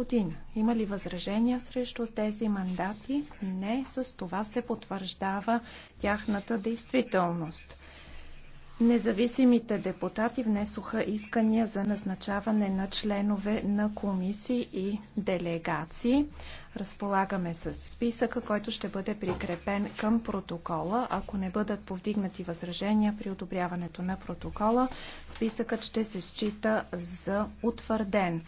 година. Има ли възражения срещу тези мандати? Не, с това се потвърждава тяхната действителност. Независимите депутати внесоха искания за назначаване на членове на комисии и делегации. Разполагаме с списъка, който ще бъде прикрепен към протокола. Ако не бъдат повдигнати възражения при одобряването на протокола, списъкът ще се счита за утвърден.